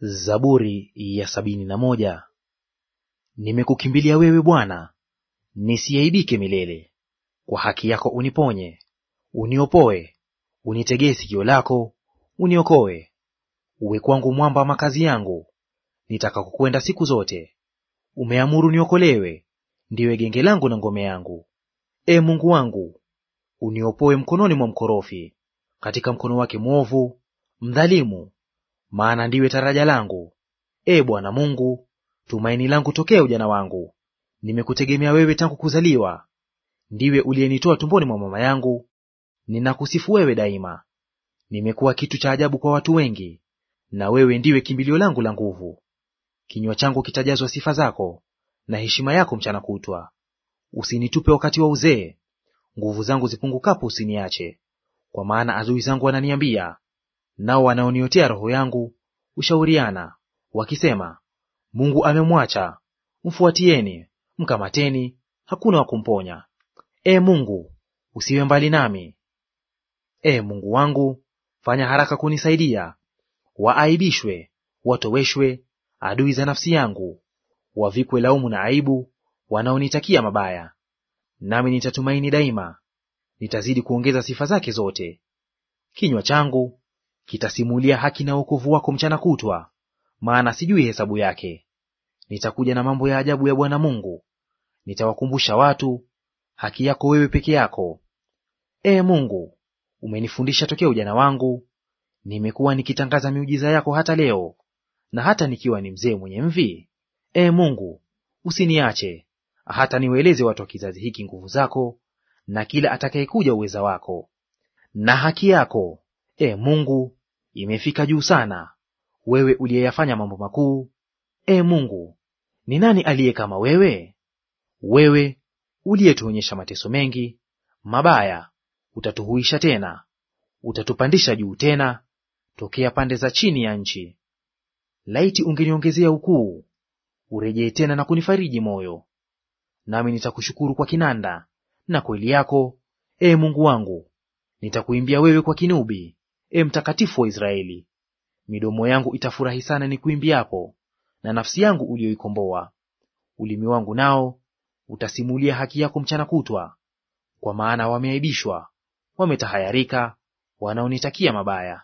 Zaburi ya sabini na moja. Nimekukimbilia wewe Bwana, nisiaibike milele. Kwa haki yako uniponye, uniopoe, unitegee sikio lako, uniokoe. Uwe kwangu mwamba makazi yangu, nitakakokwenda siku zote. Umeamuru niokolewe, ndiwe genge langu na ngome yangu. E Mungu wangu, uniopoe mkononi mwa mkorofi, katika mkono wake mwovu mdhalimu maana ndiwe taraja langu. E Bwana Mungu, tumaini langu tokea ujana wangu. Nimekutegemea wewe tangu kuzaliwa, ndiwe uliyenitoa tumboni mwa mama yangu. Ninakusifu wewe daima. Nimekuwa kitu cha ajabu kwa watu wengi, na wewe ndiwe kimbilio langu la nguvu. Kinywa changu kitajazwa sifa zako na heshima yako mchana kutwa. Usinitupe wakati wa uzee, nguvu zangu zipungukapo usiniache. Kwa maana adui zangu wananiambia, nao wanaoniotea roho yangu ushauriana wakisema, Mungu amemwacha, mfuatieni, mkamateni, hakuna wa kumponya. E Mungu, usiwe mbali nami. E Mungu wangu, fanya haraka kunisaidia. Waaibishwe, watoweshwe adui za nafsi yangu, wavikwe laumu na aibu wanaonitakia mabaya. Nami nitatumaini daima, nitazidi kuongeza sifa zake zote. Kinywa changu kitasimulia haki na wokovu wako mchana kutwa, maana sijui hesabu yake. Nitakuja na mambo ya ajabu ya Bwana Mungu, nitawakumbusha watu haki yako wewe peke yako. Ee Mungu, umenifundisha tokea ujana wangu, nimekuwa nikitangaza miujiza yako hata leo. Na hata nikiwa ni mzee mwenye mvi, ee Mungu, usiniache hata niwaeleze watu wa kizazi hiki nguvu zako, na kila atakayekuja uweza wako na haki yako, ee Mungu, imefika juu sana, wewe uliyeyafanya mambo makuu, e Mungu, ni nani aliye kama wewe? Wewe uliyetuonyesha mateso mengi mabaya, utatuhuisha tena, utatupandisha juu tena tokea pande za chini ya nchi. Laiti ungeniongezea ukuu, urejee tena na kunifariji moyo. Nami nitakushukuru kwa kinanda na kweli yako, e Mungu wangu, nitakuimbia wewe kwa kinubi e Mtakatifu wa Israeli. Midomo yangu itafurahi sana ni kuimbiapo na nafsi yangu uliyoikomboa. Ulimi wangu nao utasimulia haki yako mchana kutwa, kwa maana wameaibishwa, wametahayarika, wanaonitakia mabaya.